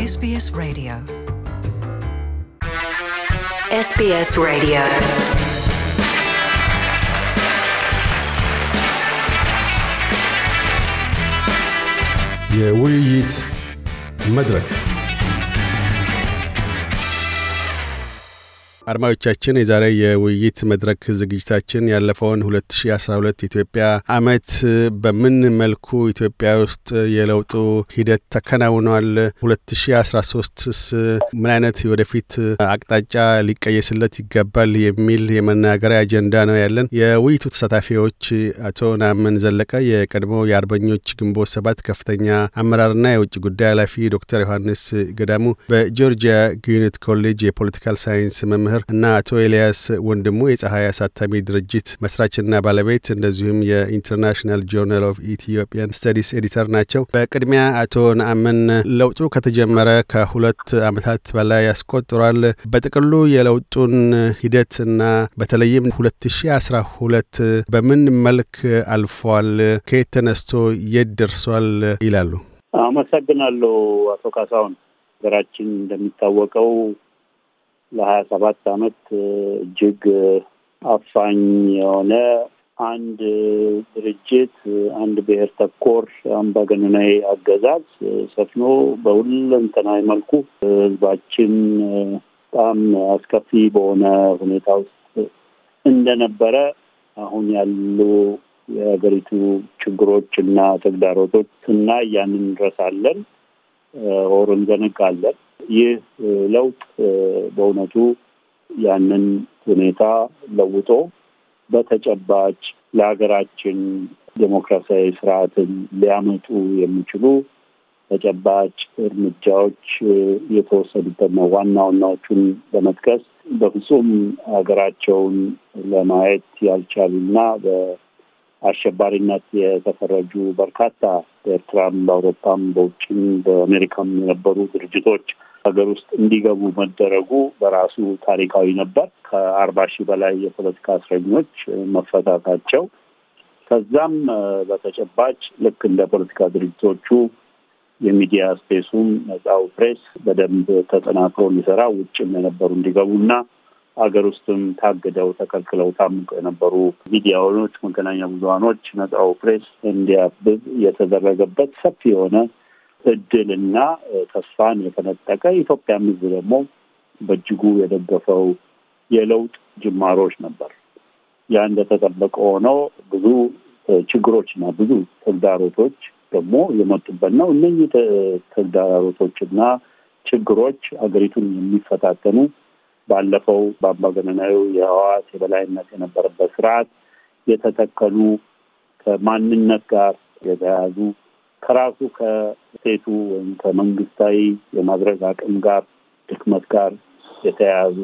SBS Radio SBS Radio we eat المدرك አድማጮቻችን የዛሬ የውይይት መድረክ ዝግጅታችን ያለፈውን 2012 ኢትዮጵያ አመት በምን መልኩ ኢትዮጵያ ውስጥ የለውጡ ሂደት ተከናውኗል፣ 2013ስ ምን አይነት ወደፊት አቅጣጫ ሊቀየስለት ይገባል የሚል የመናገሪያ አጀንዳ ነው ያለን። የውይይቱ ተሳታፊዎች አቶ ናምን ዘለቀ የቀድሞ የአርበኞች ግንቦት ሰባት ከፍተኛ አመራርና የውጭ ጉዳይ ኃላፊ፣ ዶክተር ዮሐንስ ገዳሙ በጆርጂያ ግዩኒት ኮሌጅ የፖለቲካል ሳይንስ መምህር መምህር እና አቶ ኤልያስ ወንድሙ የፀሐይ አሳታሚ ድርጅት መስራችና ባለቤት እንደዚሁም የኢንተርናሽናል ጆርናል ኦፍ ኢትዮጵያን ስተዲስ ኤዲተር ናቸው። በቅድሚያ አቶ ነአምን ለውጡ ከተጀመረ ከሁለት ዓመታት በላይ ያስቆጥሯል። በጥቅሉ የለውጡን ሂደት እና በተለይም 2012 በምን መልክ አልፏል? ከየት ተነስቶ የት ደርሷል? ይላሉ። አመሰግናለሁ አቶ ካሳሁን። ሀገራችን እንደሚታወቀው ለሀያ ሰባት አመት እጅግ አፋኝ የሆነ አንድ ድርጅት አንድ ብሔር ተኮር አምባገነናዊ አገዛዝ ሰፍኖ በሁለንተናዊ መልኩ ህዝባችን በጣም አስከፊ በሆነ ሁኔታ ውስጥ እንደነበረ አሁን ያሉ የሀገሪቱ ችግሮች እና ተግዳሮቶች እና ያንን እንረሳለን ኦር እንዘነጋለን። ይህ ለውጥ በእውነቱ ያንን ሁኔታ ለውጦ በተጨባጭ ለሀገራችን ዴሞክራሲያዊ ስርዓትን ሊያመጡ የሚችሉ ተጨባጭ እርምጃዎች የተወሰዱበት ነው። ዋና ዋናዎቹን በመጥቀስ በፍጹም ሀገራቸውን ለማየት ያልቻሉና በአሸባሪነት የተፈረጁ በርካታ በኤርትራም፣ በአውሮፓም፣ በውጭም በአሜሪካም የነበሩ ድርጅቶች ሀገር ውስጥ እንዲገቡ መደረጉ በራሱ ታሪካዊ ነበር። ከአርባ ሺህ በላይ የፖለቲካ እስረኞች መፈታታቸው ከዛም በተጨባጭ ልክ እንደ ፖለቲካ ድርጅቶቹ የሚዲያ ስፔሱም ነፃው ፕሬስ በደንብ ተጠናክሮ እንዲሰራ ውጭም የነበሩ እንዲገቡና ሀገር ውስጥም ታግደው ተከልክለው ታምቀ የነበሩ ሚዲያዎች፣ መገናኛ ብዙሀኖች ነፃው ፕሬስ እንዲያብብ የተደረገበት ሰፊ የሆነ እድልና ተስፋን የተነጠቀ ኢትዮጵያ ሕዝብ ደግሞ በእጅጉ የደገፈው የለውጥ ጅማሮች ነበር። ያ እንደተጠበቀ ሆኖ ብዙ እና ብዙ ተግዳሮቶች ደግሞ የመጡበት ነው። እነኚህ ተግዳሮቶችና ችግሮች ሀገሪቱን የሚፈታተኑ ባለፈው በአምባገነናዊ የህወሓት የበላይነት የነበረበት ስርዓት የተተከሉ ከማንነት ጋር የተያያዙ ከራሱ ከስቴቱ ወይም ከመንግስታዊ የማድረግ አቅም ጋር ድክመት ጋር የተያያዙ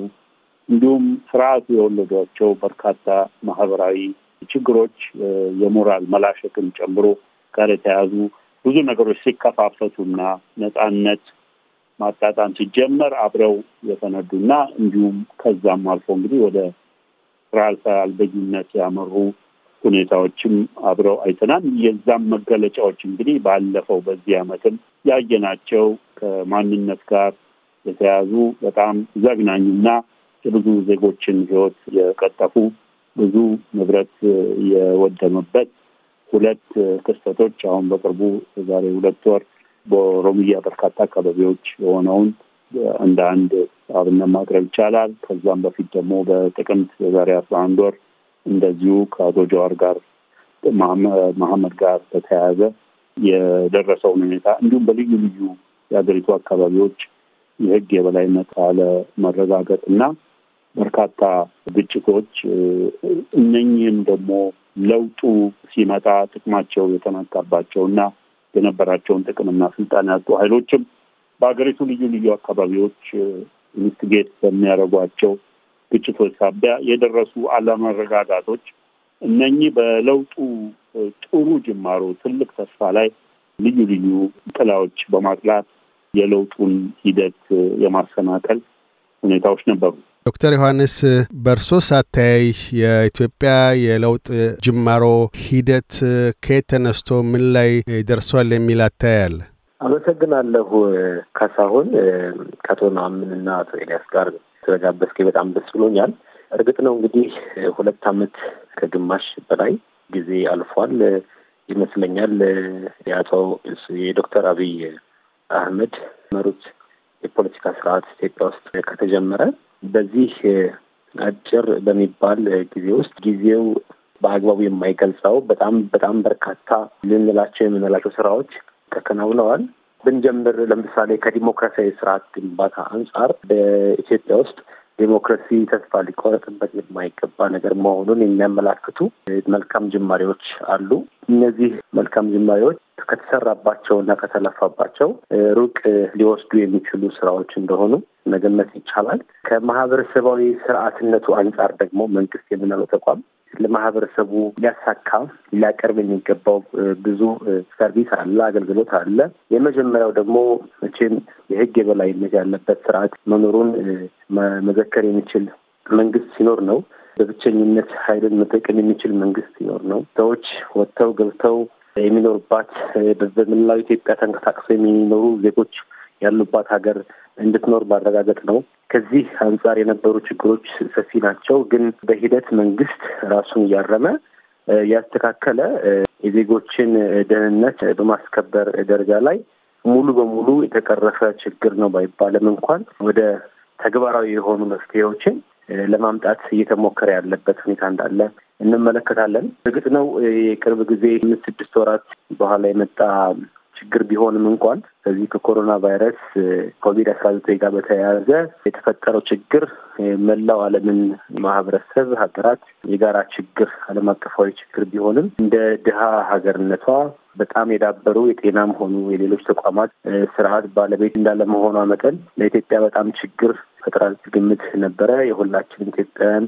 እንዲሁም ስርዓቱ የወለዷቸው በርካታ ማህበራዊ ችግሮች የሞራል መላሸክን ጨምሮ ጋር የተያያዙ ብዙ ነገሮች ሲከፋፈቱና ነጻነት ማጣጣም ሲጀመር አብረው የተነዱና እንዲሁም ከዛም አልፎ እንግዲህ ወደ ስራ አልበኝነት ያመሩ ሁኔታዎችም አብረው አይተናል። የዛም መገለጫዎች እንግዲህ ባለፈው በዚህ ዓመትም ያየናቸው ከማንነት ጋር የተያዙ በጣም ዘግናኝና የብዙ ዜጎችን ሕይወት የቀጠፉ ብዙ ንብረት የወደመበት ሁለት ክስተቶች አሁን በቅርቡ ዛሬ ሁለት ወር በኦሮሚያ በርካታ አካባቢዎች የሆነውን እንደ አንድ አብነት ማቅረብ ይቻላል። ከዛም በፊት ደግሞ በጥቅምት የዛሬ አስራ አንድ ወር እንደዚሁ ከአቶ ጀዋር ጋር መሐመድ ጋር በተያያዘ የደረሰውን ሁኔታ እንዲሁም በልዩ ልዩ የሀገሪቱ አካባቢዎች የህግ የበላይነት መረጋገጥ እና በርካታ ግጭቶች እነኝህም ደግሞ ለውጡ ሲመጣ ጥቅማቸው የተነካባቸው እና የነበራቸውን ጥቅምና ስልጣን ያጡ ሀይሎችም በሀገሪቱ ልዩ ልዩ አካባቢዎች ኢንስቲጌት በሚያደርጓቸው ግጭቶች ሳቢያ የደረሱ አለመረጋጋቶች እነኚህ በለውጡ ጥሩ ጅማሮ ትልቅ ተስፋ ላይ ልዩ ልዩ ጥላዎች በማጥላት የለውጡን ሂደት የማሰናከል ሁኔታዎች ነበሩ። ዶክተር ዮሐንስ በእርሶ ሳታይ የኢትዮጵያ የለውጥ ጅማሮ ሂደት ከየት ተነስቶ ምን ላይ ደርሷል የሚል አታያል? አመሰግናለሁ ከሳሁን ከአቶ ናምን አቶ ኤልያስ ጋር ስለጋበዝከኝ በጣም ደስ ብሎኛል። እርግጥ ነው እንግዲህ ሁለት አመት ከግማሽ በላይ ጊዜ አልፏል ይመስለኛል። የአቶ የዶክተር አብይ አህመድ መሩት የፖለቲካ ስርዓት ኢትዮጵያ ውስጥ ከተጀመረ በዚህ አጭር በሚባል ጊዜ ውስጥ ጊዜው በአግባቡ የማይገልጸው በጣም በጣም በርካታ ልንላቸው የምንላቸው ስራዎች ተከናውነዋል። ብንጀምር ለምሳሌ ከዲሞክራሲያዊ ስርዓት ግንባታ አንጻር በኢትዮጵያ ውስጥ ዴሞክራሲ ተስፋ ሊቆረጥበት የማይገባ ነገር መሆኑን የሚያመላክቱ መልካም ጅማሬዎች አሉ። እነዚህ መልካም ጅማሬዎች ከተሰራባቸው እና ከተለፋባቸው ሩቅ ሊወስዱ የሚችሉ ስራዎች እንደሆኑ መገመት ይቻላል። ከማህበረሰባዊ ስርዓትነቱ አንጻር ደግሞ መንግስት የምንለው ተቋም ለማህበረሰቡ ሊያሳካ ሊያቀርብ የሚገባው ብዙ ሰርቪስ አለ፣ አገልግሎት አለ። የመጀመሪያው ደግሞ መቼም የህግ የበላይነት ያለበት ስርዓት መኖሩን መዘከር የሚችል መንግስት ሲኖር ነው። በብቸኝነት ኃይልን መጠቀም የሚችል መንግስት ሲኖር ነው። ሰዎች ወጥተው ገብተው የሚኖሩባት በመላው ኢትዮጵያ ተንቀሳቅሰው የሚኖሩ ዜጎች ያሉባት ሀገር እንድትኖር ማረጋገጥ ነው። ከዚህ አንጻር የነበሩ ችግሮች ሰፊ ናቸው። ግን በሂደት መንግስት ራሱን እያረመ ያስተካከለ የዜጎችን ደህንነት በማስከበር ደረጃ ላይ ሙሉ በሙሉ የተቀረፈ ችግር ነው ባይባልም እንኳን ወደ ተግባራዊ የሆኑ መፍትሄዎችን ለማምጣት እየተሞከረ ያለበት ሁኔታ እንዳለ እንመለከታለን። እርግጥ ነው የቅርብ ጊዜ አምስት ስድስት ወራት በኋላ የመጣ ችግር ቢሆንም እንኳን ከዚህ ከኮሮና ቫይረስ ኮቪድ አስራ ዘጠኝ ጋር በተያያዘ የተፈጠረው ችግር መላው ዓለምን ማህበረሰብ ሀገራት የጋራ ችግር ዓለም አቀፋዊ ችግር ቢሆንም እንደ ድሀ ሀገርነቷ በጣም የዳበሩ የጤናም ሆኑ የሌሎች ተቋማት ስርዓት ባለቤት እንዳለመሆኗ መጠን ለኢትዮጵያ በጣም ችግር ፈጥራል ግምት ነበረ። የሁላችን ኢትዮጵያውያን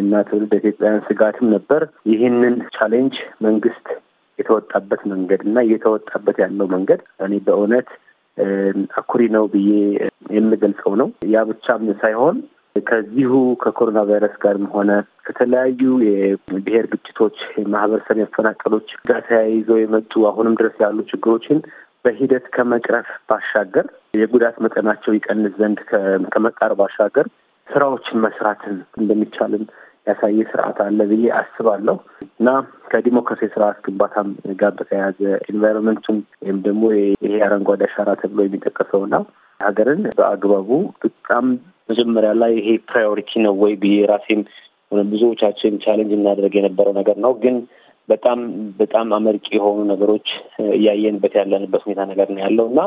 እና ትውልድ ኢትዮጵያውያን ስጋትም ነበር። ይህንን ቻሌንጅ መንግስት የተወጣበት መንገድ እና እየተወጣበት ያለው መንገድ እኔ በእውነት አኩሪ ነው ብዬ የምገልጸው ነው። ያ ብቻም ሳይሆን ከዚሁ ከኮሮና ቫይረስ ጋርም ሆነ ከተለያዩ የብሔር ግጭቶች፣ ማህበረሰብ መፈናቀሎች ጋር ተያይዘው የመጡ አሁንም ድረስ ያሉ ችግሮችን በሂደት ከመቅረፍ ባሻገር የጉዳት መጠናቸው ይቀንስ ዘንድ ከመቃረብ ባሻገር ስራዎችን መስራትን እንደሚቻልን ያሳየ ስርዓት አለ ብዬ አስባለሁ እና ከዲሞክራሲ ስርዓት ግንባታም ጋር በተያያዘ ኤንቫይሮንመንቱም ወይም ደግሞ ይሄ አረንጓዴ አሻራ ተብሎ የሚጠቀሰው የሚጠቀሰውና ሀገርን በአግባቡ በጣም መጀመሪያ ላይ ይሄ ፕራዮሪቲ ነው ወይ ብዬ ራሴም ብዙዎቻችን ቻሌንጅ እናደርግ የነበረው ነገር ነው ግን በጣም በጣም አመርቂ የሆኑ ነገሮች እያየንበት ያለንበት ሁኔታ ነገር ነው ያለው እና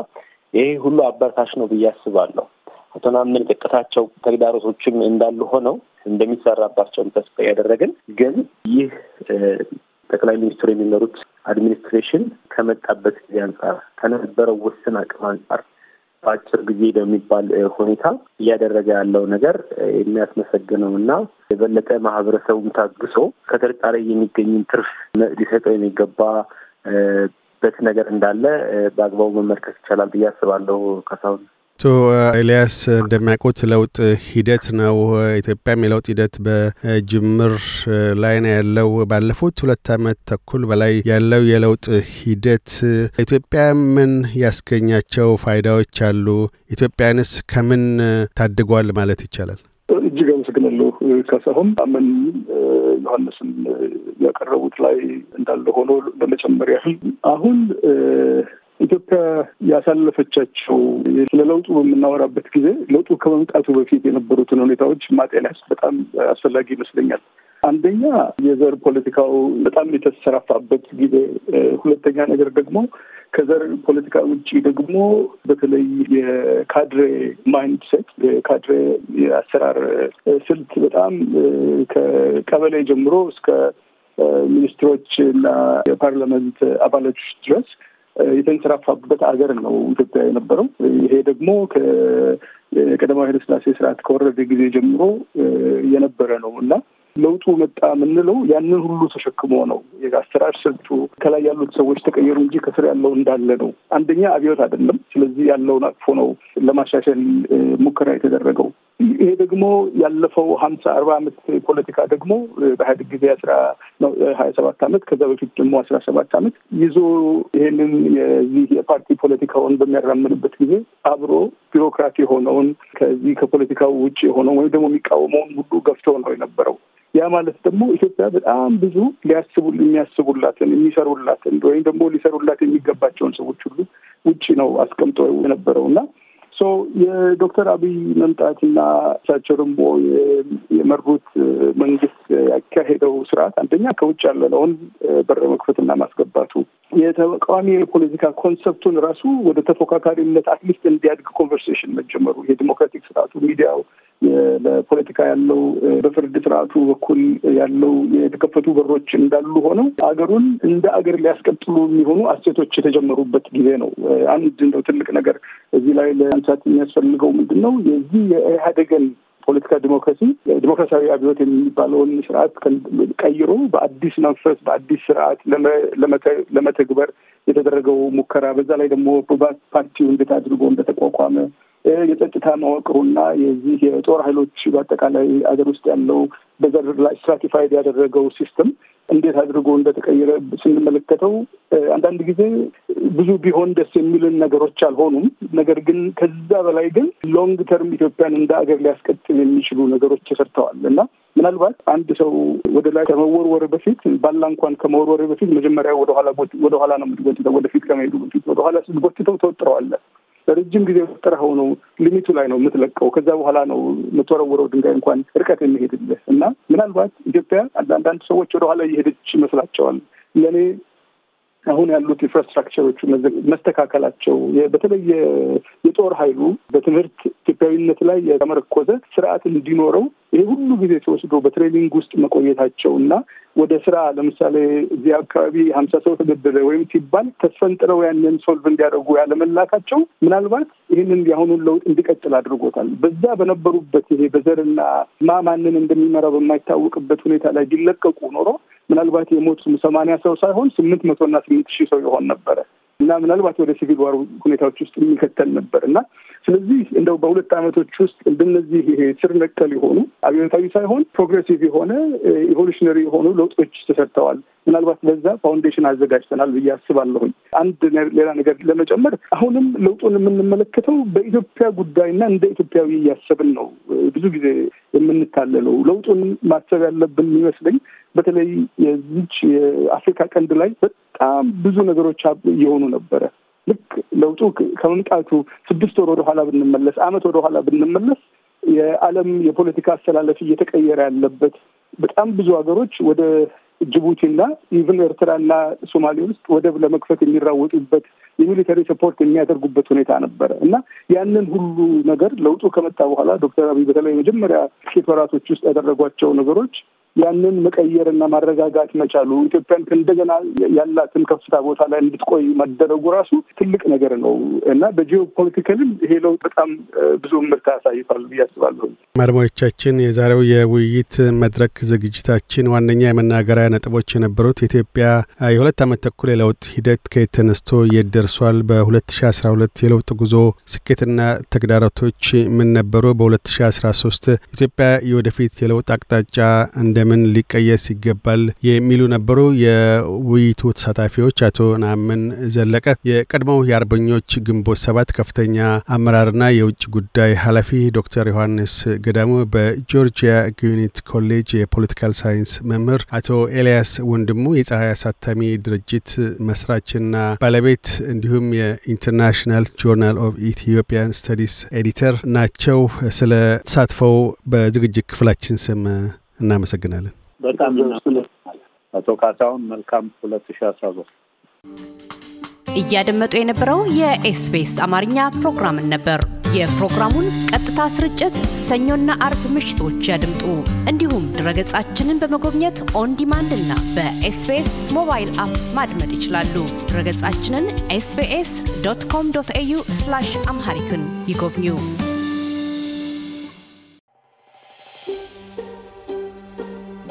ይሄ ሁሉ አበረታች ነው ብዬ አስባለሁ። አተማመን ጥቅታቸው ተግዳሮቶችም እንዳሉ ሆነው እንደሚሰራባቸውም ተስፋ ያደረግን ግን ይህ ጠቅላይ ሚኒስትሩ የሚመሩት አድሚኒስትሬሽን ከመጣበት ጊዜ አንጻር ከነበረው ውስን አቅም አንጻር በአጭር ጊዜ በሚባል ሁኔታ እያደረገ ያለው ነገር የሚያስመሰግነው እና የበለጠ ማህበረሰቡም ታግሶ ከጥርጣሬ የሚገኝን ትርፍ ሊሰጠው የሚገባ በት ነገር እንዳለ በአግባቡ መመልከት ይቻላል ብዬ አስባለሁ። ከሳሁን አቶ ኤልያስ እንደሚያውቁት ለውጥ ሂደት ነው። ኢትዮጵያም የለውጥ ሂደት በጅምር ላይ ነው ያለው። ባለፉት ሁለት ዓመት ተኩል በላይ ያለው የለውጥ ሂደት ኢትዮጵያ ምን ያስገኛቸው ፋይዳዎች አሉ? ኢትዮጵያንስ ከምን ታድጓል ማለት ይቻላል? እጅግ አመሰግናለሁ ካሳሁን። አምን ዮሐንስን ያቀረቡት ላይ እንዳለ ሆኖ ለመጨመር ያህል አሁን ኢትዮጵያ ያሳለፈቻቸው ስለ ለውጡ በምናወራበት ጊዜ ለውጡ ከመምጣቱ በፊት የነበሩትን ሁኔታዎች ማጤናስ በጣም አስፈላጊ ይመስለኛል። አንደኛ የዘር ፖለቲካው በጣም የተሰራፋበት ጊዜ፣ ሁለተኛ ነገር ደግሞ ከዘር ፖለቲካ ውጭ ደግሞ በተለይ የካድሬ ማይንድ ሴት የካድሬ የአሰራር ስልት በጣም ከቀበሌ ጀምሮ እስከ ሚኒስትሮች እና የፓርላመንት አባላቶች ድረስ የተንሰራፋበት አገር ነው ኢትዮጵያ የነበረው። ይሄ ደግሞ ከቀደማዊ ኃይለ ሥላሴ ስርዓት ከወረደ ጊዜ ጀምሮ የነበረ ነው እና ለውጡ መጣ የምንለው ያንን ሁሉ ተሸክሞ ነው። የአሰራር ስልቱ ከላይ ያሉት ሰዎች ተቀየሩ እንጂ ከስር ያለው እንዳለ ነው። አንደኛ አብዮት አይደለም። ስለዚህ ያለውን አቅፎ ነው ለማሻሻል ሙከራ የተደረገው። ይሄ ደግሞ ያለፈው ሀምሳ አርባ ዓመት ፖለቲካ ደግሞ በኢህአዴግ ጊዜ አስራ ሀያ ሰባት ዓመት ከዛ በፊት ደግሞ አስራ ሰባት ዓመት ይዞ ይሄንን የዚህ የፓርቲ ፖለቲካውን በሚያራምንበት ጊዜ አብሮ ቢሮክራት የሆነውን ከዚህ ከፖለቲካው ውጭ የሆነውን ወይም ደግሞ የሚቃወመውን ሁሉ ገፍቶ ነው የነበረው። ያ ማለት ደግሞ ኢትዮጵያ በጣም ብዙ ሊያስቡ የሚያስቡላትን የሚሰሩላትን ወይም ደግሞ ሊሰሩላት የሚገባቸውን ሰዎች ሁሉ ውጭ ነው አስቀምጦ የነበረው እና ሶ የዶክተር አብይ መምጣትና እሳቸው ደግሞ የመሩት መንግስት ያካሄደው ስርዓት አንደኛ ከውጭ ያለነውን በር መክፈትና ማስገባቱ የተቃዋሚ የፖለቲካ ኮንሰፕቱን ራሱ ወደ ተፎካካሪነት አትሊስት እንዲያድግ ኮንቨርሴሽን መጀመሩ የዲሞክራቲክ ስርዓቱ ሚዲያው ለፖለቲካ ያለው በፍርድ ስርዓቱ በኩል ያለው የተከፈቱ በሮች እንዳሉ ሆነው አገሩን እንደ አገር ሊያስቀጥሉ የሚሆኑ አሴቶች የተጀመሩበት ጊዜ ነው። አንድ እንደው ትልቅ ነገር እዚህ ላይ ለማንሳት የሚያስፈልገው ምንድን ነው የዚህ የኢህአዴግን ፖለቲካ ዲሞክራሲ ዲሞክራሲያዊ አብዮት የሚባለውን ስርዓት ቀይሮ በአዲስ መንፈስ በአዲስ ስርዓት ለመተግበር የተደረገው ሙከራ፣ በዛ ላይ ደግሞ ፓርቲው እንዴት አድርጎ እንደተቋቋመ የጸጥታ መዋቅሩና የዚህ የጦር ኃይሎች በአጠቃላይ አገር ውስጥ ያለው በዘር ላይ ስትራቲፋይድ ያደረገው ሲስተም እንዴት አድርጎ እንደተቀየረ ስንመለከተው አንዳንድ ጊዜ ብዙ ቢሆን ደስ የሚልን ነገሮች አልሆኑም። ነገር ግን ከዛ በላይ ግን ሎንግ ተርም ኢትዮጵያን እንደ አገር ሊያስቀጥል የሚችሉ ነገሮች ተሰርተዋል እና ምናልባት አንድ ሰው ወደ ላይ ከመወርወር በፊት ባላ እንኳን ከመወርወር በፊት መጀመሪያ ወደኋላ ወደኋላ ነው የምትጎትተው። ወደፊት ከመሄዱ በፊት ወደኋላ ስትጎትተው ተወጥረዋለህ። ለረጅም ጊዜ ወጥረኸው ነው ሊሚቱ ላይ ነው የምትለቀው። ከዛ በኋላ ነው የምትወረውረው ድንጋይ እንኳን ርቀት የሚሄድልህ እና ምናልባት ኢትዮጵያ አንዳንድ ሰዎች ወደኋላ እየሄደች ይመስላቸዋል። ለእኔ አሁን ያሉት ኢንፍራስትራክቸሮቹ መስተካከላቸው፣ በተለየ የጦር ኃይሉ በትምህርት ኢትዮጵያዊነት ላይ ያመረኮዘ ስርዓት እንዲኖረው ይሄ ሁሉ ጊዜ ተወስዶ በትሬኒንግ ውስጥ መቆየታቸው እና ወደ ስራ ለምሳሌ እዚህ አካባቢ ሀምሳ ሰው ተገደለ ወይም ሲባል ተስፈንጥረው ያንን ሶልቭ እንዲያደርጉ ያለመላካቸው ምናልባት ይህንን የአሁኑን ለውጥ እንዲቀጥል አድርጎታል። በዛ በነበሩበት ይሄ በዘርና ማ ማንን እንደሚመራ በማይታወቅበት ሁኔታ ላይ ቢለቀቁ ኖሮ ምናልባት የሞት ሰማንያ ሰው ሳይሆን ስምንት መቶና ስምንት ሺህ ሰው ይሆን ነበረ። እና ምናልባት ወደ ሲቪል ዋር ሁኔታዎች ውስጥ የሚከተል ነበር እና ስለዚህ እንደው በሁለት ዓመቶች ውስጥ እንደነዚህ ይሄ ስር ነቀል የሆኑ አብዮታዊ ሳይሆን ፕሮግሬሲቭ የሆነ ኢቮሉሽነሪ የሆኑ ለውጦች ተሰጥተዋል። ምናልባት በዛ ፋውንዴሽን አዘጋጅተናል ብዬ አስባለሁኝ። አንድ ሌላ ነገር ለመጨመር አሁንም ለውጡን የምንመለከተው በኢትዮጵያ ጉዳይና እንደ ኢትዮጵያዊ እያሰብን ነው ብዙ ጊዜ የምንታለለው። ለውጡን ማሰብ ያለብን የሚመስለኝ በተለይ የዚች የአፍሪካ ቀንድ ላይ በጣም ብዙ ነገሮች እየሆኑ ነበረ። ልክ ለውጡ ከመምጣቱ ስድስት ወር ወደኋላ ብንመለስ፣ አመት ወደኋላ ብንመለስ የዓለም የፖለቲካ አስተላለፍ እየተቀየረ ያለበት በጣም ብዙ ሀገሮች ወደ ጅቡቲና ኢቭን ኤርትራና ሶማሌ ውስጥ ወደብ ለመክፈት የሚራወጡበት የሚሊተሪ ሰፖርት የሚያደርጉበት ሁኔታ ነበረ እና ያንን ሁሉ ነገር ለውጡ ከመጣ በኋላ ዶክተር አብይ በተለይ መጀመሪያ ጥቂት ወራቶች ውስጥ ያደረጓቸው ነገሮች ያንን መቀየርና ማረጋጋት መቻሉ ኢትዮጵያን እንደገና ያላትን ከፍታ ቦታ ላይ እንድትቆይ መደረጉ ራሱ ትልቅ ነገር ነው እና በጂኦ ፖለቲካልም ይሄ ለውጥ በጣም ብዙ ምርት ያሳይቷል ብዬ አስባለሁ። አድማጮቻችን፣ የዛሬው የውይይት መድረክ ዝግጅታችን ዋነኛ የመናገሪያ ነጥቦች የነበሩት ኢትዮጵያ የሁለት ዓመት ተኩል የለውጥ ሂደት ከየት ተነስቶ የት ደርሷል፣ በ2012 የለውጥ ጉዞ ስኬትና ተግዳሮቶች ምን ነበሩ፣ በ2013 ኢትዮጵያ የወደፊት የለውጥ አቅጣጫ እንደ ለምን ሊቀየስ ይገባል የሚሉ ነበሩ። የውይይቱ ተሳታፊዎች አቶ ናምን ዘለቀ የቀድሞው የአርበኞች ግንቦት ሰባት ከፍተኛ አመራርና የውጭ ጉዳይ ኃላፊ ዶክተር ዮሐንስ ገዳሙ በጆርጂያ ግዩኒት ኮሌጅ የፖለቲካል ሳይንስ መምህር፣ አቶ ኤልያስ ወንድሙ የፀሐይ አሳታሚ ድርጅት መስራችና ባለቤት እንዲሁም የኢንተርናሽናል ጆርናል ኦፍ ኢትዮጵያን ስተዲስ ኤዲተር ናቸው። ስለ ተሳትፈው በዝግጅት ክፍላችን ስም እናመሰግናለን። በጣም አቶ ካሳሁን መልካም ሁለት ሺ አስራ ሶስት እያደመጡ የነበረው የኤስቢኤስ አማርኛ ፕሮግራምን ነበር። የፕሮግራሙን ቀጥታ ስርጭት ሰኞና አርብ ምሽቶች ያድምጡ። እንዲሁም ድረገጻችንን በመጎብኘት ኦን ዲማንድ እና በኤስቢኤስ ሞባይል አፕ ማድመጥ ይችላሉ። ድረገጻችንን ኤስቢኤስ ዶት ኮም ዶት ኤዩ አምሃሪክን ይጎብኙ።